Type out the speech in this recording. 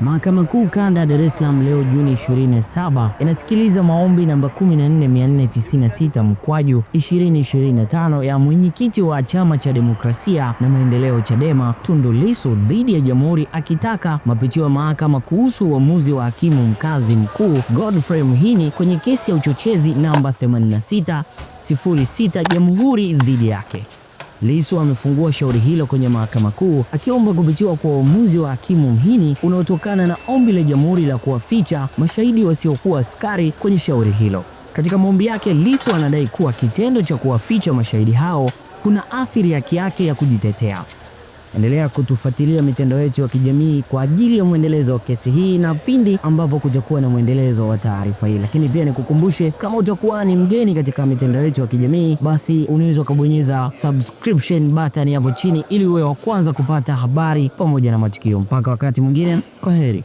Mahakama Kuu Kanda ya Dar es Salaam leo Juni 27 inasikiliza maombi namba 14496 mkwaju 2025 ya mwenyekiti wa Chama cha Demokrasia na Maendeleo Chadema Tundu Lissu dhidi ya Jamhuri akitaka mapitio ya mahakama kuhusu uamuzi wa hakimu mkazi mkuu Godfrey Mhini kwenye kesi ya uchochezi namba 8606 Jamhuri dhidi yake. Lissu amefungua shauri hilo kwenye mahakama kuu akiomba kupitiwa kwa uamuzi wa hakimu mhini unaotokana na ombi la jamhuri la kuwaficha mashahidi wasiokuwa askari kwenye shauri hilo. Katika maombi yake, Lissu anadai kuwa kitendo cha kuwaficha mashahidi hao kuna athiri haki yake ya kujitetea. Endelea kutufuatilia mitandao yetu ya kijamii kwa ajili ya mwendelezo wa kesi hii na pindi ambapo kutakuwa na mwendelezo wa taarifa hii. Lakini pia nikukumbushe, kama utakuwa ni mgeni katika mitandao yetu ya kijamii, basi unaweza ukabonyeza subscription button hapo chini ili uwe wa kwanza kupata habari pamoja na matukio. Mpaka wakati mwingine, kwa heri.